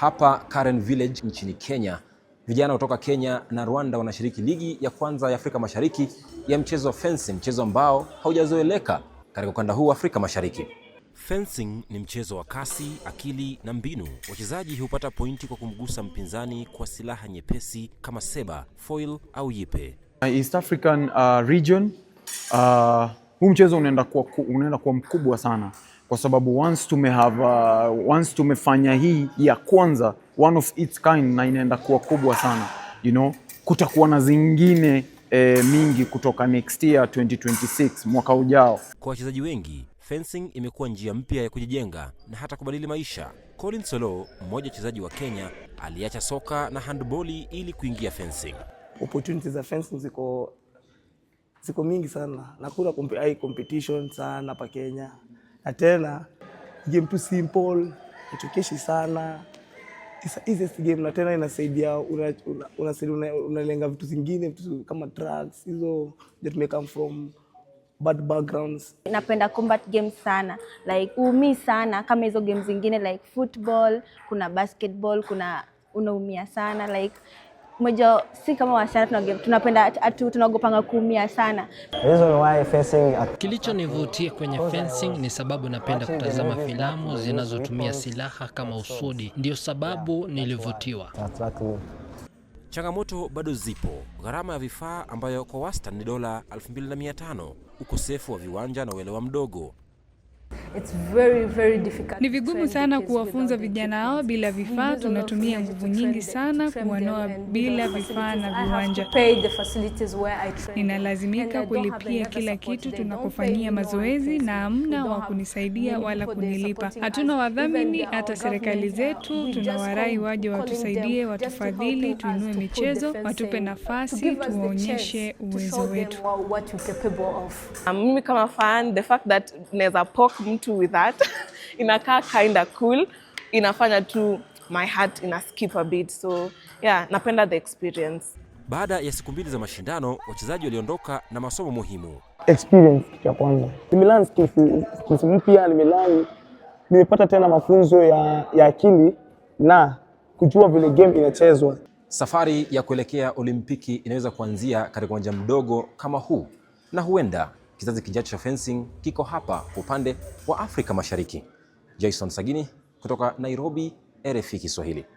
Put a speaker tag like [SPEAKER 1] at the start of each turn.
[SPEAKER 1] hapa Karen Village nchini Kenya. Vijana kutoka Kenya na Rwanda wanashiriki ligi ya kwanza ya Afrika Mashariki ya mchezo wa fencing, mchezo ambao haujazoeleka katika ukanda huu wa Afrika Mashariki.
[SPEAKER 2] Fencing ni mchezo wa kasi, akili na mbinu. Wachezaji hupata pointi kwa kumgusa mpinzani kwa silaha nyepesi kama seba, foil au yipe.
[SPEAKER 3] East African uh, region uh huu mchezo unaenda kuwa, unaenda kuwa mkubwa sana kwa sababu once tume have, uh, once tumefanya hii ya kwanza one of its kind na inaenda kuwa kubwa sana you know, kutakuwa na zingine eh, mingi kutoka next year 2026 mwaka ujao.
[SPEAKER 2] Kwa wachezaji wengi fencing imekuwa njia mpya ya kujijenga na hata kubadili maisha. Colin Solo, mmoja wachezaji wa Kenya, aliacha soka na handboli ili kuingia fencing.
[SPEAKER 4] Opportunities za fencing ziko ziko mingi sana. Nakula kompe, competition sana pa Kenya, na tena game tu simple, ichokeshi sana It's easiest game, na tena inasaidia unalenga una, una, una, una vitu zingine vitu kama drugs hizo that may come from bad backgrounds.
[SPEAKER 5] Napenda combat games sana like uumii sana kama hizo games zingine like football, kuna basketball, kuna unaumia sana like mmoja si kama wasichana tunapenda tunaogopanga kuumia sana.
[SPEAKER 2] Kilichonivutia kwenye fencing ni sababu napenda kutazama filamu zinazotumia silaha kama usudi, ndio sababu nilivutiwa. Changamoto bado zipo: gharama ya vifaa ambayo kwa wastani ni dola 2500, ukosefu wa viwanja na uelewa mdogo.
[SPEAKER 6] It's very, very difficult.
[SPEAKER 7] Ni vigumu sana kuwafunza vijana hao bila vifaa. Tunatumia nguvu nyingi sana kuwanoa bila vifaa na viwanja. Ninalazimika kulipia kila kitu tunakofanyia mazoezi, na hamna wa kunisaidia wala kunilipa. Hatuna wadhamini, hata serikali zetu. Tunawarai waje watusaidie, watufadhili, tuinue michezo, watupe nafasi, tuwaonyeshe uwezo wetu.
[SPEAKER 8] Mimi kama fan, the fact that naweza poke mtu tu with that inakaa kinda cool, inafanya tu my heart ina skip a bit, so yeah, napenda the experience.
[SPEAKER 2] Baada ya siku mbili za mashindano, wachezaji waliondoka na masomo muhimu.
[SPEAKER 9] Experience ya kwanza, nimelan skills mpya, nimelan nimepata tena mafunzo ya, ya akili na kujua vile game inachezwa.
[SPEAKER 2] Safari ya kuelekea Olimpiki inaweza kuanzia katika uwanja mdogo kama huu na huenda Kizazi kijacho cha fencing kiko hapa upande wa Afrika Mashariki. Jason Sagini kutoka Nairobi, RFI Kiswahili.